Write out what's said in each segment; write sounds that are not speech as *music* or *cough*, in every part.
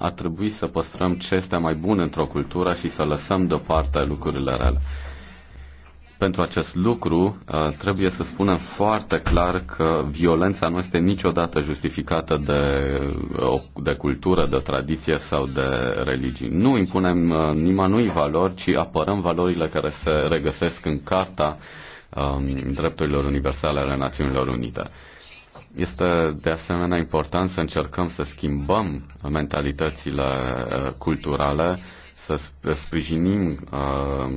ar trebui să păstrăm ce este mai bun într-o cultură și să lăsăm deoparte lucrurile rele. Pentru acest lucru uh, trebuie să spunem foarte clar că violența nu este niciodată justificată de, uh, de cultură, de tradiție sau de religii. Nu impunem uh, nimănui valori, ci apărăm valorile care se regăsesc în Carta um, Drepturilor Universale ale Națiunilor Unite. Este de asemenea important să încercăm să schimbăm mentalitățile uh, culturale, să sprijinim uh,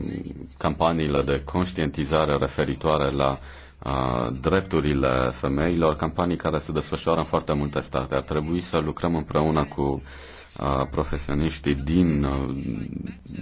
campaniile de conștientizare referitoare la uh, drepturile femeilor, campanii care se desfășoară în foarte multe state. Ar trebui să lucrăm împreună cu profesioniștii din uh,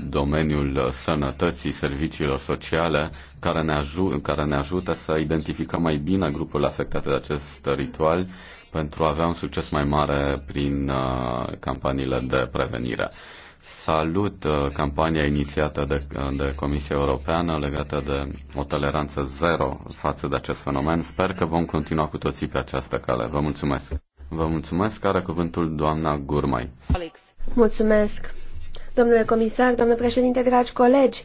domeniul sănătății, serviciilor sociale, care ne, aj- care ne ajută să identificăm mai bine grupurile afectate de acest ritual pentru a avea un succes mai mare prin uh, campaniile de prevenire. Salut uh, campania inițiată de, de Comisia Europeană legată de o toleranță zero față de acest fenomen. Sper că vom continua cu toții pe această cale. Vă mulțumesc! Vă mulțumesc. Are cuvântul doamna Gurmai. Alex. Mulțumesc. Domnule comisar, domnule președinte, dragi colegi,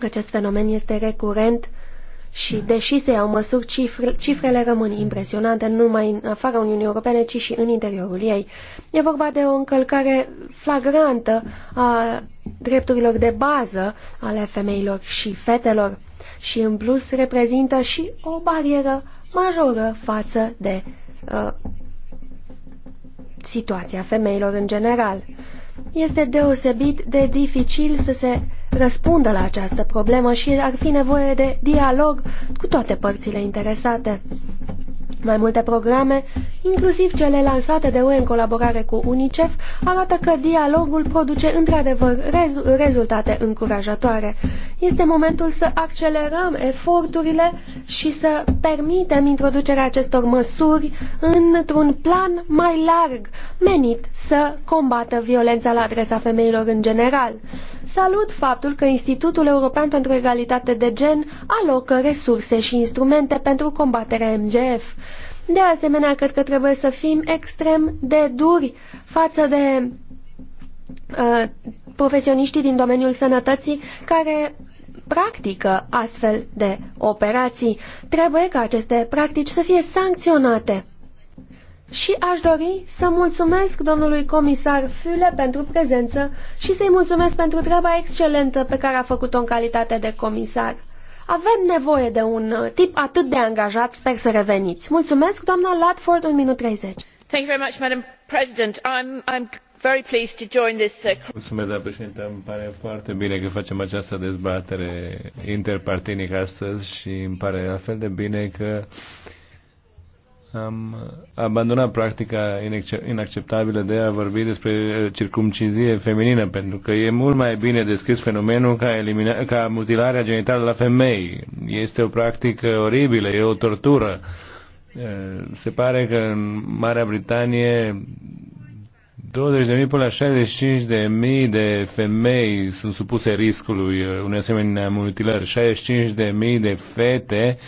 acest fenomen este recurent și, deși se iau măsuri, cifre, cifrele rămân impresionante nu numai în afara Uniunii Europene, ci și în interiorul ei. E vorba de o încălcare flagrantă a drepturilor de bază ale femeilor și fetelor și, în plus, reprezintă și o barieră majoră față de Uh, situația femeilor în general. Este deosebit de dificil să se răspundă la această problemă și ar fi nevoie de dialog cu toate părțile interesate. Mai multe programe, inclusiv cele lansate de UE în colaborare cu UNICEF, arată că dialogul produce într-adevăr rez rezultate încurajatoare este momentul să accelerăm eforturile și să permitem introducerea acestor măsuri într-un plan mai larg, menit să combată violența la adresa femeilor în general. Salut faptul că Institutul European pentru Egalitate de Gen alocă resurse și instrumente pentru combaterea MGF. De asemenea, cred că trebuie să fim extrem de duri față de Uh, profesioniștii din domeniul sănătății care practică astfel de operații. Trebuie ca aceste practici să fie sancționate. Și aș dori să mulțumesc domnului comisar Füle pentru prezență și să-i mulțumesc pentru treaba excelentă pe care a făcut-o în calitate de comisar. Avem nevoie de un uh, tip atât de angajat, sper să reveniți. Mulțumesc, doamna Latford, un minut 30. Thank you very much, Madam President. I'm, I'm Uh, doamnă președinte. Îmi pare foarte bine că facem această dezbatere interpartinică astăzi și îmi pare la fel de bine că am abandonat practica inacceptabilă de a vorbi despre circumcizie feminină, pentru că e mult mai bine descris fenomenul ca, elimina, ca mutilarea genitală la femei. Este o practică oribilă, e o tortură. Eh, se pare că în Marea Britanie 20.000 până la 65.000 de femei sunt supuse riscului uh, unei asemenea mutilări, 65.000 de fete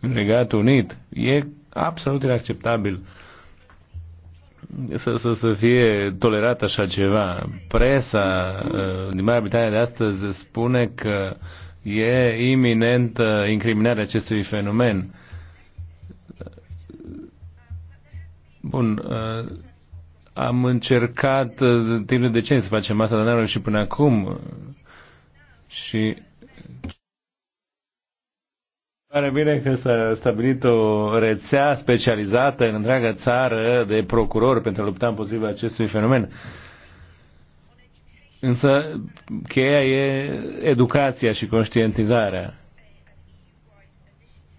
în regat Unit. E absolut inacceptabil să, să, să fie tolerat așa ceva. Presa uh, din Marea Britanie de astăzi spune că e iminent incriminarea acestui fenomen. Bun, uh, am încercat uh, timp de decenii să facem asta, dar n-am reușit până acum. Și Pare bine că s-a stabilit o rețea specializată în întreaga țară de procurori pentru a lupta împotriva acestui fenomen. Însă cheia e educația și conștientizarea.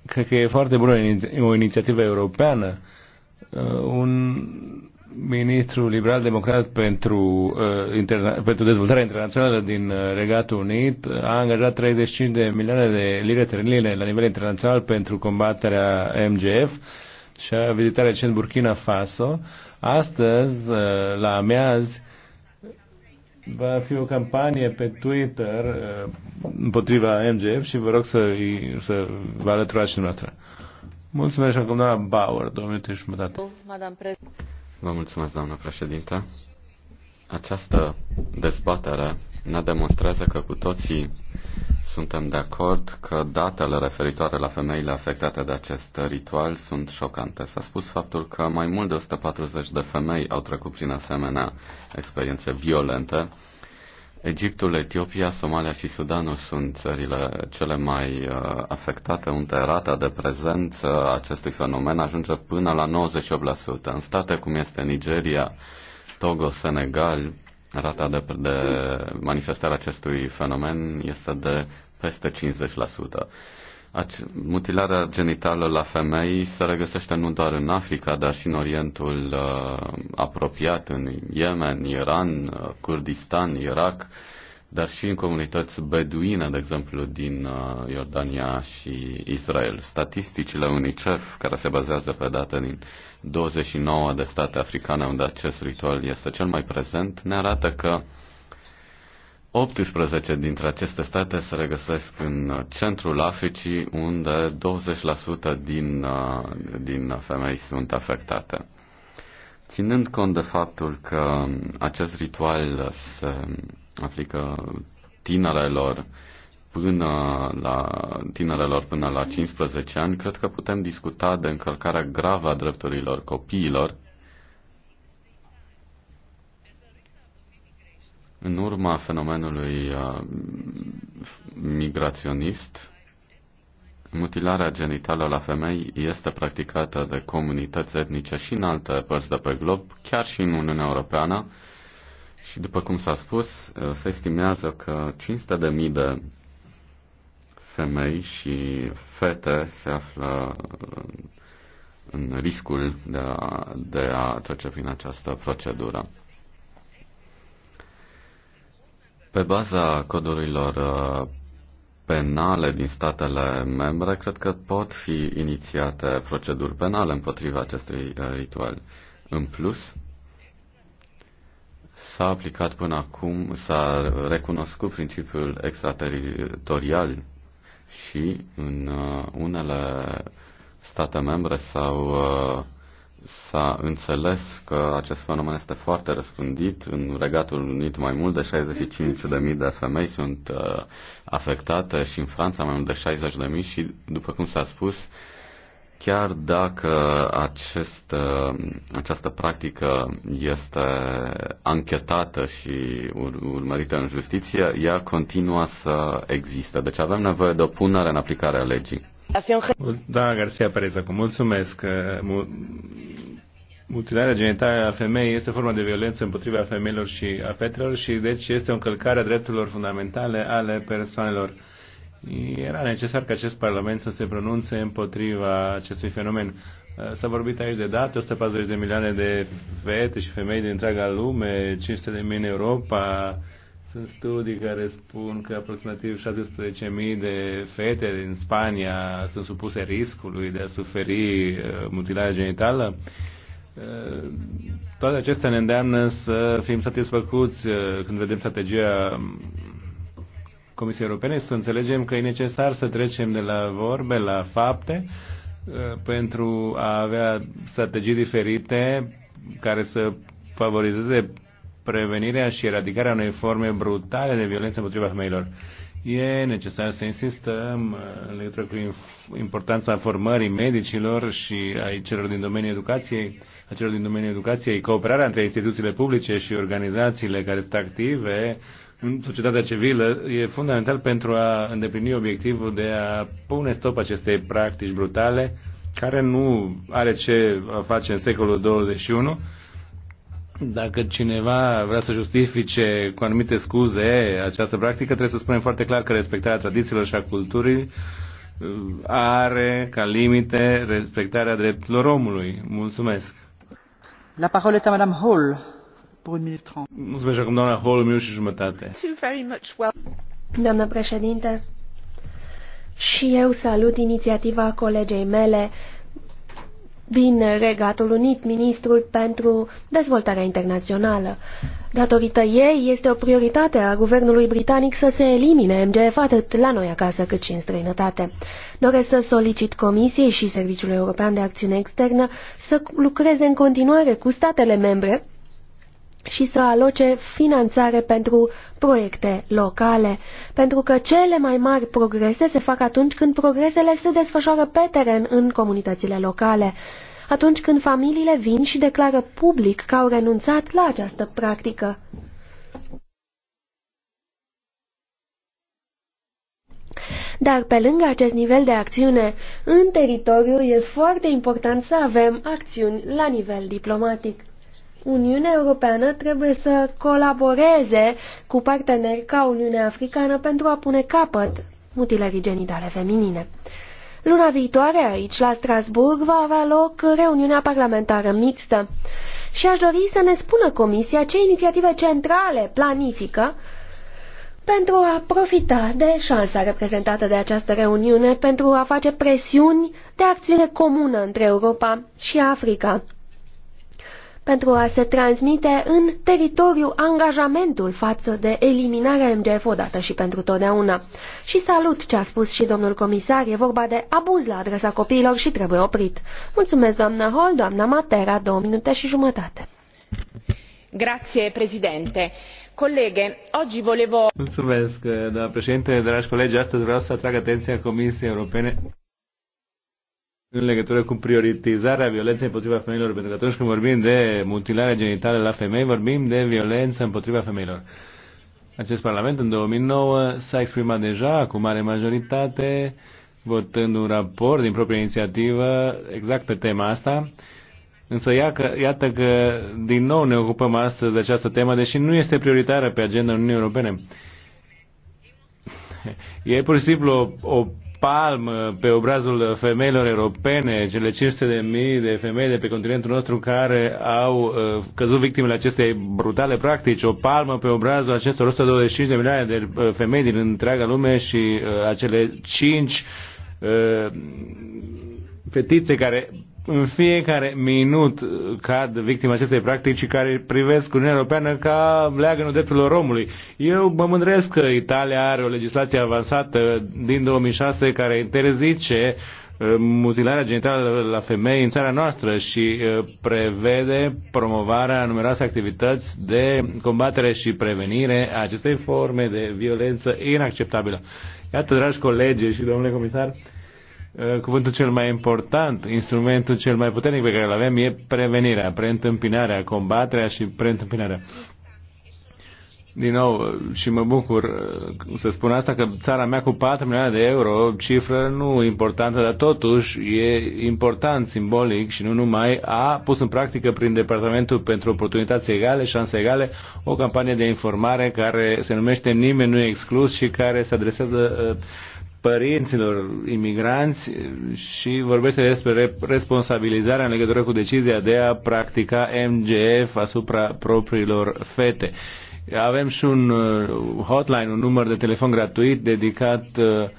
Cred că e foarte bună o inițiativă europeană, uh, un Ministrul liberal-democrat pentru, uh, interna- pentru dezvoltarea internațională din uh, Regatul Unit a angajat 35 de milioane de lire sterline la nivel internațional pentru combaterea MGF și a vizitat recent Burkina Faso. Astăzi, uh, la amiaz, va fi o campanie pe Twitter uh, împotriva MGF și vă rog să, să vă alăturați și dumneavoastră. Mulțumesc acum doamna Bauer, două minute și jumătate. Madame Vă mulțumesc, doamnă președinte. Această dezbatere ne demonstrează că cu toții suntem de acord că datele referitoare la femeile afectate de acest ritual sunt șocante. S-a spus faptul că mai mult de 140 de femei au trecut prin asemenea experiențe violente Egiptul, Etiopia, Somalia și Sudanul sunt țările cele mai uh, afectate, unde rata de prezență a acestui fenomen ajunge până la 98%. În state cum este Nigeria, Togo, Senegal, rata de, de manifestare acestui fenomen este de peste 50%. Mutilarea genitală la femei se regăsește nu doar în Africa, dar și în Orientul uh, apropiat, în Yemen, Iran, uh, Kurdistan, Irak, dar și în comunități beduine, de exemplu, din uh, Iordania și Israel. Statisticile UNICEF, care se bazează pe date din 29 de state africane unde acest ritual este cel mai prezent, ne arată că uh, 18 dintre aceste state se regăsesc în centrul Africii, unde 20% din, uh, din femei sunt afectate. Ținând cont de faptul că acest ritual se aplică tinerelor până la tinerelor până la 15 ani, cred că putem discuta de încălcarea gravă a drepturilor copiilor În urma fenomenului uh, migraționist, mutilarea genitală la femei este practicată de comunități etnice și în alte părți de pe glob, chiar și în Uniunea Europeană. Și după cum s-a spus, uh, se estimează că 500.000 de, de femei și fete se află uh, în riscul de a, de a trece prin această procedură. Pe baza codurilor uh, penale din statele membre, cred că pot fi inițiate proceduri penale împotriva acestui uh, ritual. În plus, s-a aplicat până acum, s-a recunoscut principiul extrateritorial și în uh, unele state membre s-au s-a înțeles că acest fenomen este foarte răspândit. În Regatul Unit mai mult de 65.000 de femei sunt uh, afectate și în Franța mai mult de 60.000 și, după cum s-a spus, chiar dacă acest, uh, această practică este anchetată și ur- urmărită în justiție, ea continuă să existe. Deci avem nevoie de o punere în aplicare a legii. Da, Garcia Perez, acum mulțumesc. Mutilarea genitală a femeii este forma de violență împotriva femeilor și a fetelor și deci este o încălcare a drepturilor fundamentale ale persoanelor. Era necesar ca acest Parlament să se pronunțe împotriva acestui fenomen. S-a vorbit aici de date, 140 de milioane de fete și femei din întreaga lume, 500 de mii în Europa, sunt studii care spun că aproximativ 17.000 de fete din Spania sunt supuse riscului de a suferi uh, mutilare genitală. Uh, toate acestea ne îndeamnă să fim satisfăcuți uh, când vedem strategia um, Comisiei Europene, să înțelegem că e necesar să trecem de la vorbe la fapte pentru a avea strategii diferite care să favorizeze prevenirea și eradicarea unei forme brutale de violență împotriva femeilor. E necesar să insistăm uh, în legătură cu importanța formării medicilor și a celor din domeniul educației, a celor din domeniul educației, cooperarea între instituțiile publice și organizațiile care sunt active în societatea civilă e fundamental pentru a îndeplini obiectivul de a pune stop acestei practici brutale care nu are ce face în secolul 21 dacă cineva vrea să justifice cu anumite scuze această practică, trebuie să spunem foarte clar că respectarea tradițiilor și a culturii uh, are ca limite respectarea drepturilor omului. Mulțumesc. La parole este Madame Hall. Mulțumesc acum doamna Hall, minut și jumătate. Doamna președinte, și eu salut inițiativa colegei mele din Regatul Unit, ministrul pentru dezvoltarea internațională. Datorită ei, este o prioritate a guvernului britanic să se elimine MGF atât la noi acasă cât și în străinătate. Doresc să solicit Comisiei și Serviciul European de Acțiune Externă să lucreze în continuare cu statele membre și să aloce finanțare pentru proiecte locale, pentru că cele mai mari progrese se fac atunci când progresele se desfășoară pe teren în comunitățile locale, atunci când familiile vin și declară public că au renunțat la această practică. Dar pe lângă acest nivel de acțiune în teritoriu, e foarte important să avem acțiuni la nivel diplomatic. Uniunea Europeană trebuie să colaboreze cu parteneri ca Uniunea Africană pentru a pune capăt mutilării genitale feminine. Luna viitoare, aici, la Strasburg, va avea loc reuniunea parlamentară mixtă. Și aș dori să ne spună Comisia ce inițiative centrale planifică pentru a profita de șansa reprezentată de această reuniune pentru a face presiuni de acțiune comună între Europa și Africa pentru a se transmite în teritoriu angajamentul față de eliminarea MGF odată și pentru totdeauna. Și salut ce a spus și domnul comisar, e vorba de abuz la adresa copiilor și trebuie oprit. Mulțumesc, doamna Hall, doamna Matera, două minute și jumătate. Grazie, președinte. Colege, oggi volevo... Mulțumesc, doamna președinte, dragi colegi, astăzi vreau să atrag atenția Comisiei Europene în legătură cu prioritizarea violenței împotriva femeilor, pentru că atunci când vorbim de mutilarea genitală la femei, vorbim de violență împotriva femeilor. Acest Parlament în 2009 s-a exprimat deja cu mare majoritate, votând un raport din propria inițiativă exact pe tema asta, însă ia că, iată că din nou ne ocupăm astăzi de această temă, deși nu este prioritară pe agenda Uniunii Europene. *laughs* E pur și simplu o, o palm pe obrazul femeilor europene, cele 500 de mii de femei de pe continentul nostru care au uh, căzut victimele acestei brutale practici, o palmă pe obrazul acestor 125 de milioane de uh, femei din întreaga lume și uh, acele 5 fetițe care în fiecare minut cad victime acestei practici care privesc Uniunea Europeană ca leagănul drepturilor omului. Eu mă mândresc că Italia are o legislație avansată din 2006 care interzice uh, mutilarea genitală la femei în țara noastră și uh, prevede promovarea numeroase activități de combatere și prevenire a acestei forme de violență inacceptabilă. Iată, dragi colegi și domnule comisar, Uh, cuvântul cel mai important, instrumentul cel mai puternic pe care îl avem e prevenirea, preîntâmpinarea, combaterea și preîntâmpinarea. Din nou, uh, și mă bucur uh, să spun asta, că țara mea cu 4 milioane de euro, cifră nu importantă, dar totuși e important, simbolic și nu numai, a pus în practică prin Departamentul pentru Oportunități Egale, Șanse Egale, o campanie de informare care se numește Nimeni nu e exclus și care se adresează părinților imigranți și vorbește despre responsabilizarea în legătură cu decizia de a practica MGF asupra propriilor fete. Avem și un uh, hotline, un număr de telefon gratuit dedicat uh,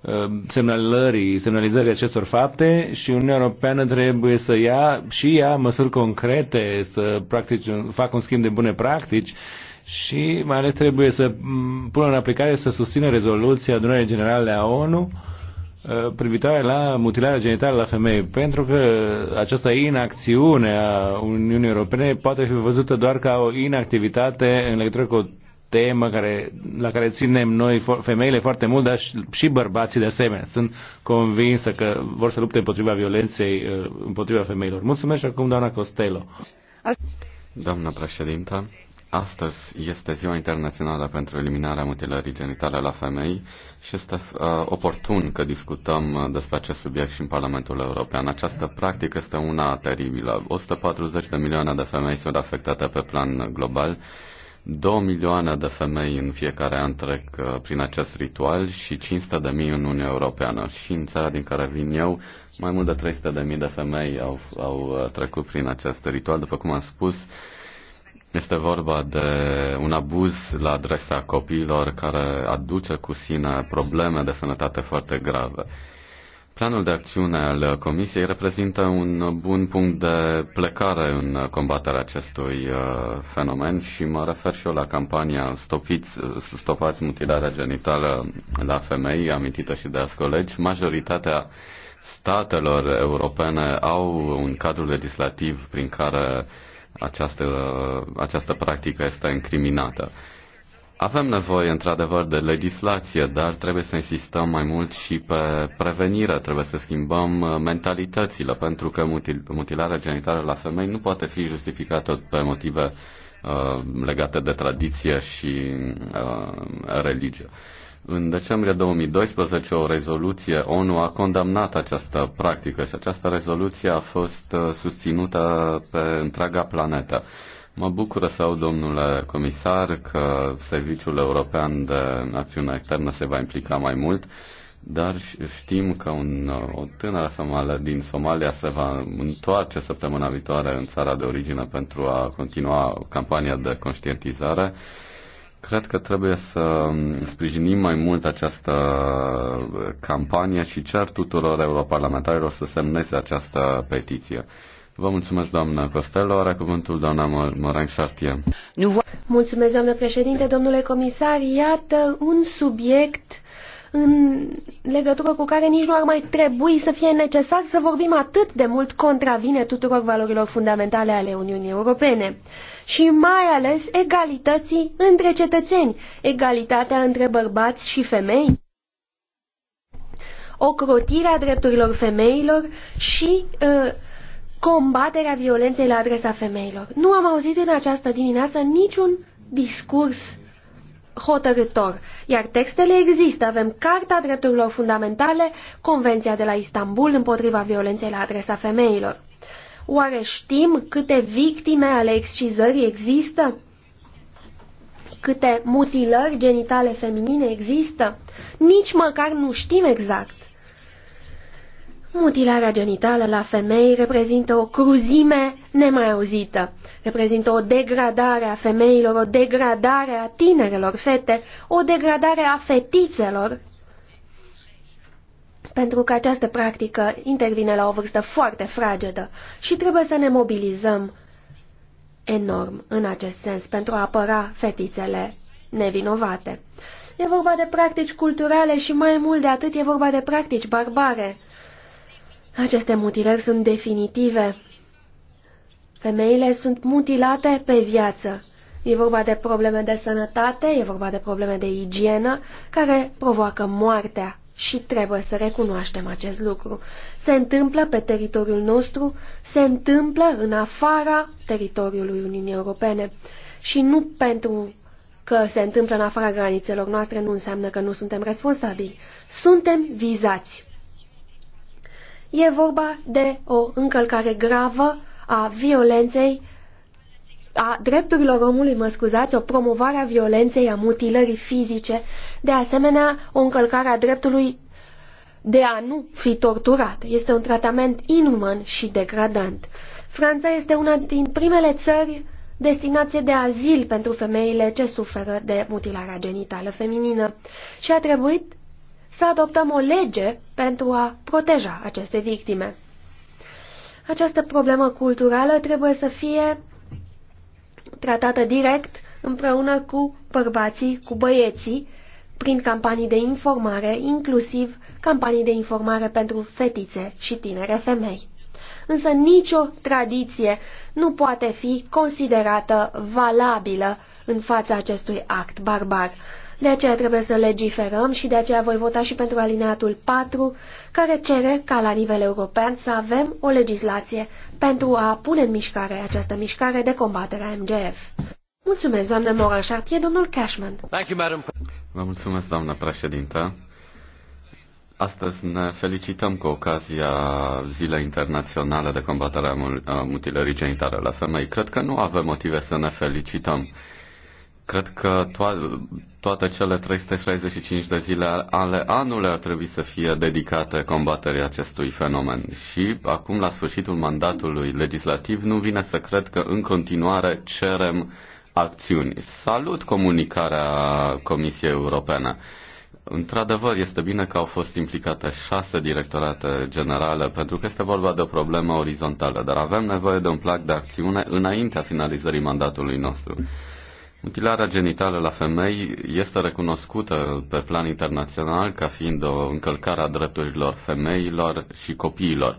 uh, semnalării, semnalizării acestor fapte și Uniunea Europeană trebuie să ia și ia măsuri concrete, să practici, facă un schimb de bune practici și mai ales trebuie să pună în aplicare să susțină rezoluția adunării generale a ONU uh, privitoare la mutilarea genitală la femei, pentru că această inacțiune a Uniunii Europene poate fi văzută doar ca o inactivitate în legătură cu o temă care, la care ținem noi femeile foarte mult, dar și bărbații de asemenea. Sunt convinsă că vor să lupte împotriva violenței uh, împotriva femeilor. Mulțumesc și acum doamna Costello. Doamna președintă, Astăzi este Ziua Internațională pentru Eliminarea Mutilării Genitale la Femei și este uh, oportun că discutăm uh, despre acest subiect și în Parlamentul European. Această practică este una teribilă. 140 de milioane de femei sunt afectate pe plan global. 2 milioane de femei în fiecare an trec uh, prin acest ritual și 500 de mii în Uniunea Europeană. Și în țara din care vin eu, mai mult de 300 de mii de femei au, au uh, trecut prin acest ritual. După cum am spus, uh, este vorba de un abuz la adresa copiilor care aduce cu sine probleme de sănătate foarte grave. Planul de acțiune al Comisiei reprezintă un bun punct de plecare în combaterea acestui uh, fenomen și mă refer și eu la campania Stopiți, Stopați mutilarea genitală la femei, amintită și de azi colegi. Majoritatea statelor europene au un cadru legislativ prin care uh, această, această practică este incriminată. Avem nevoie, într-adevăr, de legislație, dar trebuie să insistăm mai mult și pe prevenire, trebuie să schimbăm mentalitățile, pentru că mutil- mutilarea genitală la femei nu poate fi justificată pe motive uh, legate de tradiție și uh, religie. Uh, în decembrie 2012, o rezoluție ONU a condamnat această practică și această rezoluție a fost uh, susținută pe întreaga planetă. Mă bucură să aud, domnule comisar, că Serviciul European de Acțiune Externă se va implica mai mult, dar știm că un, o tânără somală din Somalia se va întoarce săptămâna viitoare în țara de origine pentru a continua campania de conștientizare. Uh, Cred că trebuie să sprijinim mai mult această campanie și cer tuturor europarlamentarilor să semneze această petiție. Vă mulțumesc, doamnă Costello. Are cuvântul doamna Morang Șartie. Mulțumesc, doamnă președinte, domnule comisar. Iată un subiect în legătură cu care nici nu ar mai trebui să fie necesar să vorbim atât de mult contravine tuturor valorilor fundamentale ale Uniunii Europene și mai ales egalității între cetățeni, egalitatea între bărbați și femei, ocrotirea drepturilor femeilor și uh, combaterea violenței la adresa femeilor. Nu am auzit în această dimineață niciun discurs hotărător, iar textele există. Avem Carta Drepturilor Fundamentale, Convenția de la Istanbul împotriva violenței la adresa femeilor. Oare știm câte victime ale excizării există? Câte mutilări genitale feminine există? Nici măcar nu știm exact. Mutilarea genitală la femei reprezintă o cruzime nemai auzită. Reprezintă o degradare a femeilor, o degradare a tinerelor fete, o degradare a fetițelor pentru că această practică intervine la o vârstă foarte fragedă și trebuie să ne mobilizăm enorm în acest sens pentru a apăra fetițele nevinovate. E vorba de practici culturale și mai mult de atât e vorba de practici barbare. Aceste mutilări sunt definitive. Femeile sunt mutilate pe viață. E vorba de probleme de sănătate, e vorba de probleme de igienă, care provoacă moartea și trebuie să recunoaștem acest lucru. Se întâmplă pe teritoriul nostru, se întâmplă în afara teritoriului Uniunii Europene și nu pentru că se întâmplă în afara granițelor noastre nu înseamnă că nu suntem responsabili. Suntem vizați. E vorba de o încălcare gravă a violenței a drepturilor omului, mă scuzați, o promovare a violenței, a mutilării fizice, de asemenea o încălcare a dreptului de a nu fi torturat. Este un tratament inuman și degradant. Franța este una din primele țări destinație de azil pentru femeile ce suferă de mutilarea genitală feminină și a trebuit să adoptăm o lege pentru a proteja aceste victime. Această problemă culturală trebuie să fie tratată direct împreună cu bărbații, cu băieții, prin campanii de informare, inclusiv campanii de informare pentru fetițe și tinere femei. Însă nicio tradiție nu poate fi considerată valabilă în fața acestui act barbar. De aceea trebuie să legiferăm și de aceea voi vota și pentru alineatul 4, care cere ca la nivel european să avem o legislație pentru a pune în mișcare această mișcare de combatere a MGF. Mulțumesc, doamnă Moral Chartier, domnul Cashman. Thank you, madam. Vă mulțumesc, doamnă președintă. Astăzi ne felicităm cu ocazia Zilei Internaționale de Combatere a Mutilării Genitale la Femei. Cred că nu avem motive să ne felicităm Cred că to- toate cele 365 de zile ale anului ar trebui să fie dedicate combaterii acestui fenomen. Și acum, la sfârșitul mandatului legislativ, nu vine să cred că în continuare cerem acțiuni. Salut comunicarea Comisiei Europene. Într-adevăr, este bine că au fost implicate șase directorate generale, pentru că este vorba de o problemă orizontală, dar avem nevoie de un plan de acțiune înaintea finalizării mandatului nostru. Mutilarea genitală la femei este recunoscută pe plan internațional ca fiind o încălcare a drepturilor femeilor și copiilor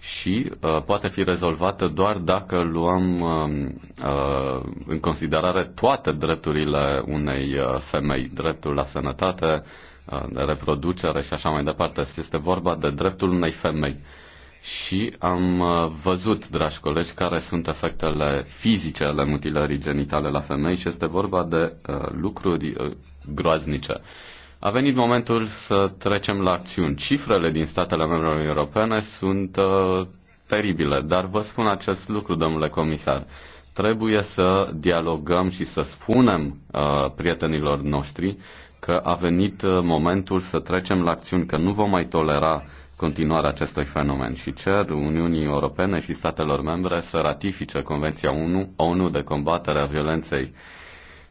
și uh, poate fi rezolvată doar dacă luăm um, uh, în considerare toate drepturile unei uh, femei, dreptul la sănătate, uh, de reproducere și așa mai departe. Este vorba de dreptul unei femei. Uh, și am uh, văzut, dragi colegi, care sunt efectele fizice ale mutilării genitale la femei și este vorba de uh, lucruri uh, groaznice. A venit momentul să trecem la acțiuni. Cifrele din statele membre europene sunt uh, teribile, dar vă spun acest lucru, domnule comisar. Trebuie să dialogăm și să spunem uh, prietenilor noștri că a venit uh, momentul să trecem la acțiuni, că nu vom mai tolera continuarea acestui fenomen și cer Uniunii Europene și statelor membre să ratifice Convenția 1, ONU de combatere a violenței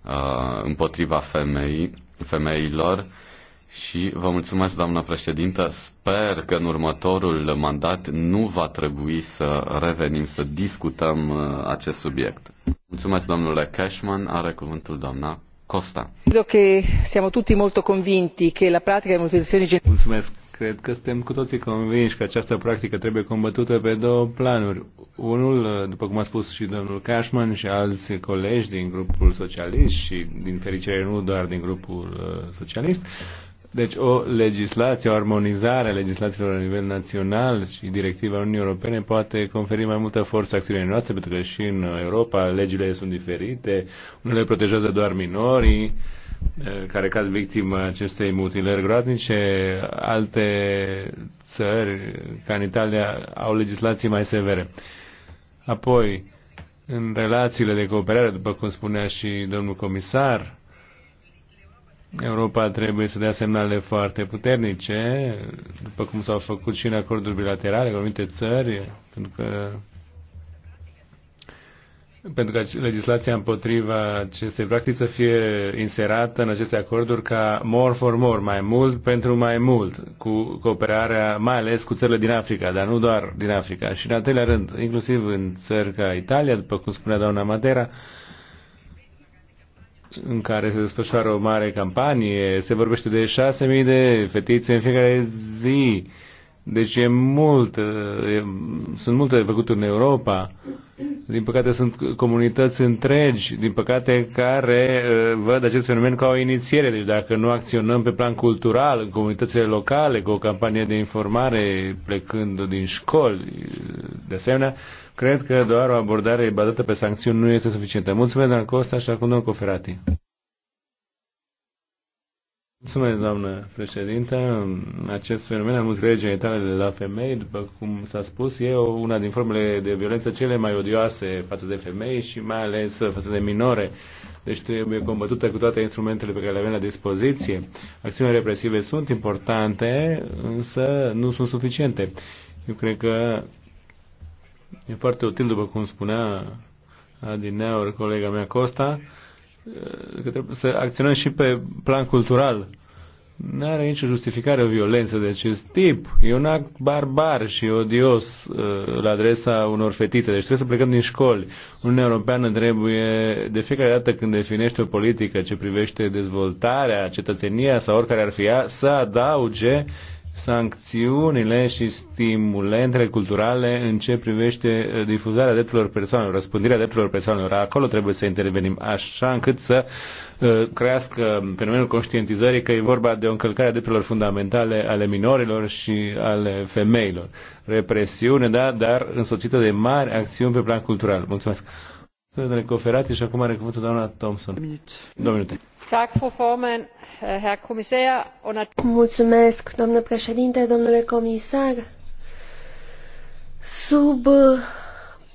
uh, împotriva femei, femeilor. Și vă mulțumesc, doamnă președintă. Sper că în următorul mandat nu va trebui să revenim să discutăm uh, acest subiect. Mulțumesc, domnule Cashman. Are cuvântul doamna Costa. Credo că siamo tutti molto convinti che la pratica delle Cred că suntem cu toții convinși că această practică trebuie combătută pe două planuri. Unul, după cum a spus și domnul Cashman și alți colegi din grupul socialist și, din fericire, nu doar din grupul uh, socialist, deci o legislație, o armonizare a legislațiilor la nivel național și directiva Uniunii Europene poate conferi mai multă forță acțiunii noastre, pentru că și în Europa legile sunt diferite, unele protejează doar minorii, Eh, care cad victimă acestei mutilări groaznice. Alte țări, ca în Italia, au legislații mai severe. Apoi, în relațiile de cooperare, după cum spunea și domnul comisar, Europa trebuie să dea semnale foarte puternice, după cum s-au făcut și în acorduri bilaterale cu anumite țări, pentru că pentru că legislația împotriva acestei practici să fie inserată în aceste acorduri ca more for more, mai mult pentru mai mult, cu cooperarea mai ales cu țările din Africa, dar nu doar din Africa. Și în al treilea rând, inclusiv în țări ca Italia, după cum spunea doamna Matera, în care se desfășoară o mare campanie, se vorbește de șase mii de fetițe în fiecare zi, uh, deci e mult, e, sunt multe de făcut în Europa. Din păcate sunt comunități întregi, din păcate care văd acest fenomen ca o inițiere. Deci dacă nu acționăm pe plan cultural în comunitățile locale cu o campanie de informare plecând din școli, de asemenea, cred că doar o abordare bazată pe sancțiuni nu este suficientă. Mulțumesc, Dan Costa, și acum domnul Coferati. Mulțumesc, doamnă președintă. Acest fenomen al mutilării genitale la femei, după cum s-a spus, e una din formele de violență cele mai odioase față de femei și mai ales față de minore. Deci trebuie combătută cu toate instrumentele pe care le avem la dispoziție. Acțiunile represive sunt importante, însă nu sunt suficiente. Eu cred că e foarte util, după cum spunea adineaori colega mea Costa, că trebuie să acționăm și pe plan cultural. Nu are nicio justificare o violență de acest tip. E un act barbar și odios uh, la adresa unor fetițe. Deci trebuie să plecăm din școli. Uniunea Europeană trebuie, de fiecare dată când definește o politică ce privește dezvoltarea, cetățenia sau oricare ar fi ea, să adauge sancțiunile și stimulentele culturale în ce privește uh, difuzarea drepturilor persoanelor, răspândirea drepturilor persoanelor. Acolo trebuie să intervenim, așa încât să uh, crească fenomenul conștientizării că e vorba de o încălcare a drepturilor fundamentale ale minorilor și ale femeilor. Represiune, da, dar însoțită de mari acțiuni pe plan cultural. Mulțumesc. Domnule Coferati și acum are cuvântul doamna Thompson. Două minute. Øh, Mulțumesc, domnule președinte, domnule comisar. Sub uh,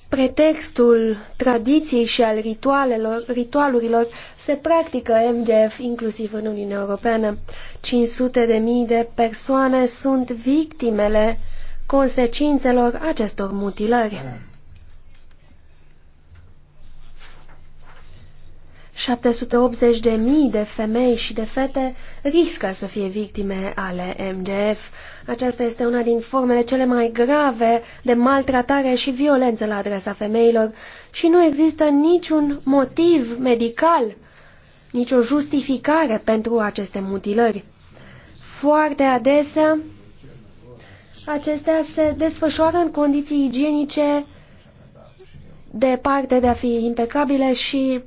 pretextul tradiției și al ritualelor, ritualurilor se practică MGF inclusiv în Uniunea Europeană. 500 de mii de persoane sunt victimele consecințelor acestor mutilări. 780 de mii de femei și de fete riscă să fie victime ale MGF. Aceasta este una din formele cele mai grave de maltratare și violență la adresa femeilor și nu există niciun motiv medical, nicio justificare pentru aceste mutilări. Foarte adesea, acestea se desfășoară în condiții igienice departe de a fi impecabile și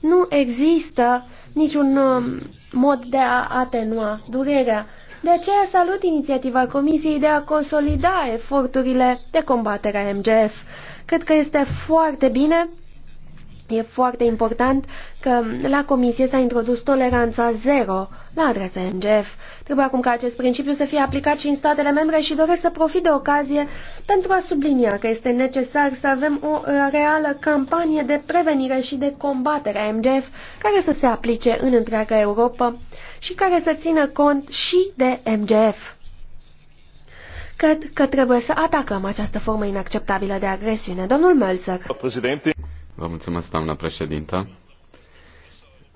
nu există niciun uh, mod de a atenua durerea. De aceea salut inițiativa Comisiei de a consolida eforturile de combatere a MGF. Cred că este foarte bine, e foarte important că la Comisie s-a introdus toleranța zero la adresa MGF. Trebuie acum ca acest principiu să fie aplicat și în statele membre și doresc să profit de ocazie pentru a sublinia că este necesar să avem o uh, reală campanie de prevenire și de combatere a MGF care să se aplice în întreaga Europa și care să țină cont și de MGF. Cred că trebuie să atacăm această formă inacceptabilă de agresiune. Domnul Mölzer. Vă mulțumesc, doamna președintă.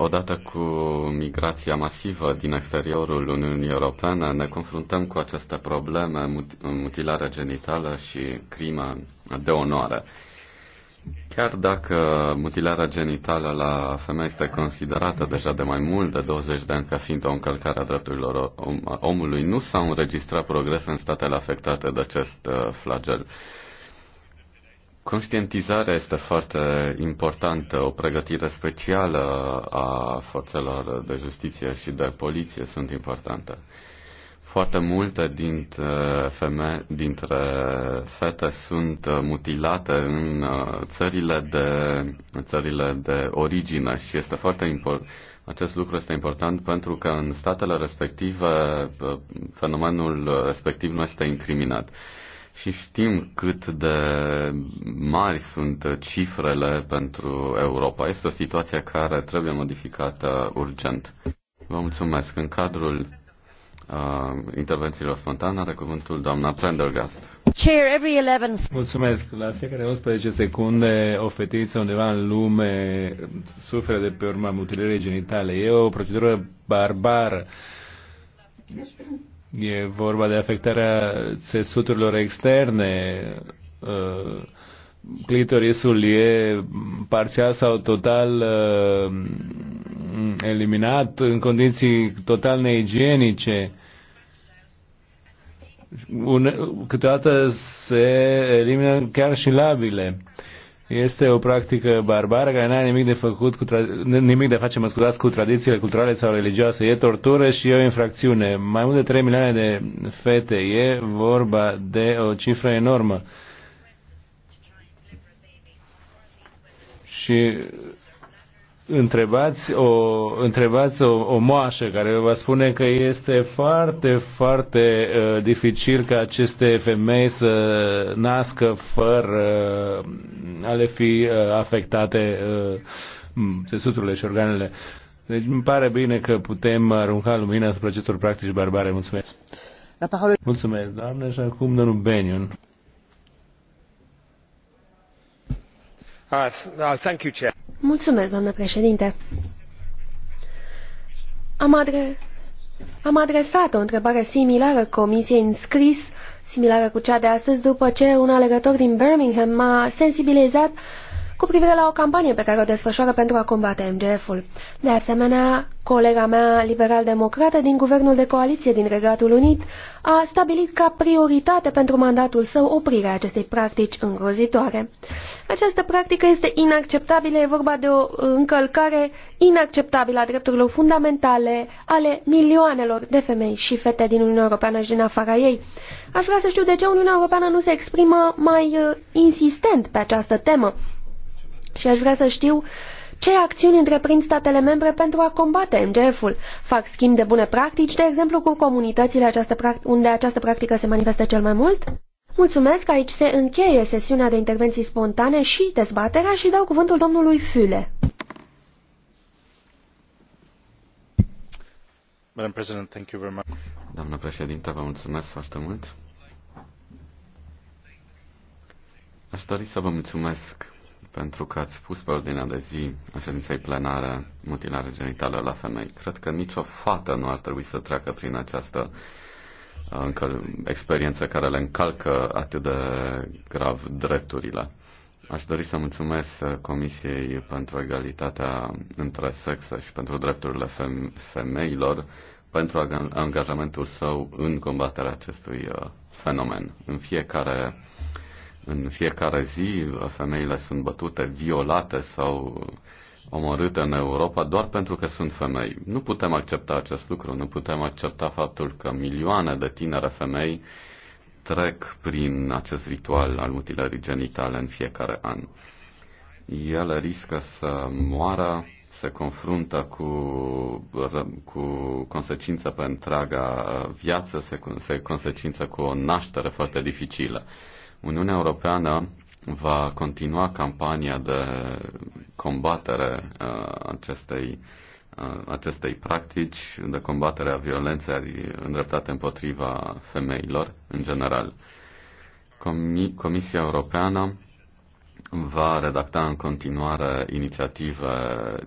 Odată cu migrația masivă din exteriorul Uniunii Europene, ne confruntăm cu aceste probleme, mutilarea genitală și crimă de onoare. Chiar dacă mutilarea genitală la femei este considerată deja de mai mult de 20 de ani ca fiind o încălcare a drepturilor omului, nu s-au înregistrat progrese în statele afectate de acest uh, flagel. Conștientizarea este foarte importantă, o pregătire specială a forțelor de justiție și de poliție sunt importante. Foarte multe dintre, feme, dintre fete sunt mutilate în uh, țările de, țările de origine și este foarte important. Acest lucru este important pentru că în statele respective uh, fenomenul respectiv nu este incriminat și știm cât de mari sunt cifrele pentru Europa. Este o situație care trebuie modificată urgent. Vă mulțumesc. În cadrul uh, intervențiilor spontane are cuvântul doamna Prendergast. Chair, every 11... Mulțumesc. La fiecare 11 secunde o fetiță undeva în lume suferă de pe urma mutilării genitale. E o procedură barbară E vorba de afectarea țesuturilor externe, uh, clitorisul e parțial sau total uh, eliminat în condiții total neigienice. Câteodată se elimină chiar și labile. Uh, este o practică barbară care nu are nimic de făcut cu nimic de face, mă scuzați, cu tradițiile culturale sau religioase. E tortură și e o infracțiune. Mai mult de 3 milioane de fete. E vorba de o cifră enormă. Și întrebați o, întrebați o, o moașă care vă spune că este foarte, foarte uh, dificil ca aceste femei să nască fără uh, a le fi uh, afectate uh, și organele. Deci îmi pare bine că putem arunca lumina asupra acestor practici barbare. Mulțumesc! La Mulțumesc, doamne, și acum domnul Benion. Uh, uh, Mulțumesc, doamnă președinte. Am, adre... Am adresat o întrebare similară comisiei în scris, similară cu cea de astăzi, după ce un alegător din Birmingham m-a sensibilizat cu privire la o campanie pe care o desfășoară pentru a combate MGF-ul. De asemenea, colega mea liberal-democrată din guvernul de coaliție din Regatul Unit a stabilit ca prioritate pentru mandatul său oprirea acestei practici îngrozitoare. Această practică este inacceptabilă, e vorba de o încălcare inacceptabilă a drepturilor fundamentale ale milioanelor de femei și fete din Uniunea Europeană și din afara ei. Aș vrea să știu de ce Uniunea Europeană nu se exprimă mai uh, insistent pe această temă și aș vrea să știu ce acțiuni întreprind statele membre pentru a combate MGF-ul. Fac schimb de bune practici, de exemplu cu comunitățile această unde această practică se manifestă cel mai mult? Mulțumesc, aici se încheie sesiunea de intervenții spontane și dezbaterea și dau cuvântul domnului Füle. Doamnă președinte, vă mulțumesc foarte mult. Aș dori să vă mulțumesc pentru că ați pus pe ordinea de zi a ședinței plenare mutilare genitală la femei. Cred că nicio fată nu ar trebui să treacă prin această uh, încă, experiență care le încalcă atât de grav drepturile. Aș dori să mulțumesc uh, Comisiei pentru Egalitatea între Sexe și pentru Drepturile Femeilor pentru angajamentul său în combaterea acestui uh, fenomen. În fiecare în fiecare zi femeile sunt bătute, violate sau omorâte în Europa doar pentru că sunt femei. Nu putem accepta acest lucru, nu putem accepta faptul că milioane de tinere femei trec prin acest ritual al mutilării genitale în fiecare an. Ele riscă să moară, se confruntă cu, cu consecință pe întreaga viață, se, se consecință cu o naștere foarte dificilă. Uniunea Europeană va continua campania de combatere a uh, acestei, a uh, acestei practici, de combatere a violenței îndreptate împotriva femeilor în general. Comisia Europeană va redacta în continuare inițiative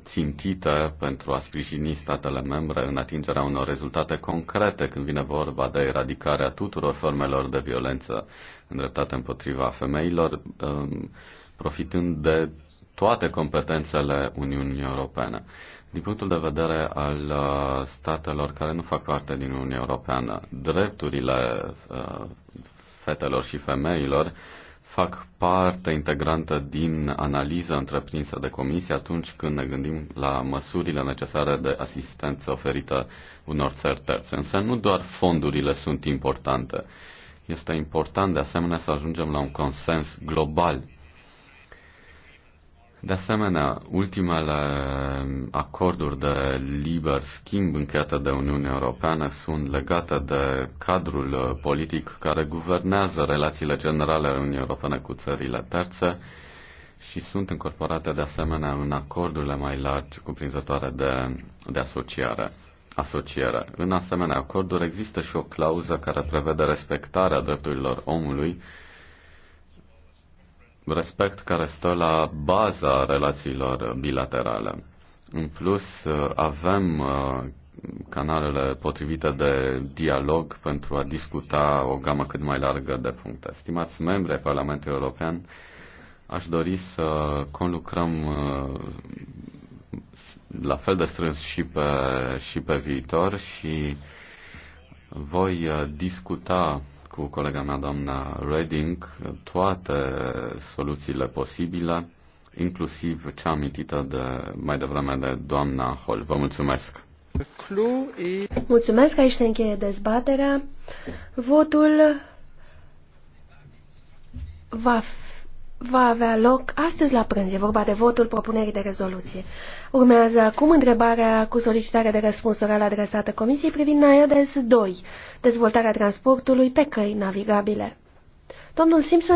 țintite pentru a sprijini statele membre în atingerea unor rezultate concrete când vine vorba de eradicarea tuturor formelor de violență îndreptate împotriva femeilor, um, profitând de toate competențele Uniunii Europene. Din punctul de vedere al uh, statelor care nu fac parte din Uniunea Europeană, drepturile uh, fetelor și femeilor fac parte integrantă din analiza întreprinsă de comisie atunci când ne gândim la măsurile necesare de asistență oferită unor țări terțe. Însă nu doar fondurile sunt importante. Este important de asemenea să ajungem la un consens global de asemenea, ultimele acorduri de liber schimb încheiate de Uniunea Europeană sunt legate de cadrul politic care guvernează relațiile generale ale Uniunii Europene cu țările terțe și sunt incorporate de asemenea în acordurile mai largi cuprinzătoare de, de asociare. asociere. În asemenea acorduri există și o clauză care prevede respectarea drepturilor omului respect care stă la baza relațiilor bilaterale. În plus, avem uh, canalele potrivite de dialog pentru a discuta o gamă cât mai largă de puncte. Stimați membri ai Parlamentului European, aș dori să conlucrăm uh, la fel de strâns și pe, și pe viitor și voi uh, discuta cu colega mea, doamna Reding, toate soluțiile posibile, inclusiv cea amintită de mai devreme de doamna Hall. Vă mulțumesc! Mulțumesc, aici se încheie dezbaterea. Votul va fi va avea loc astăzi la prânz. E vorba de votul propunerii de rezoluție. Urmează acum întrebarea cu solicitarea de răspuns oral adresată Comisiei privind NAIADES 2, dezvoltarea transportului pe căi navigabile. Domnul Simpson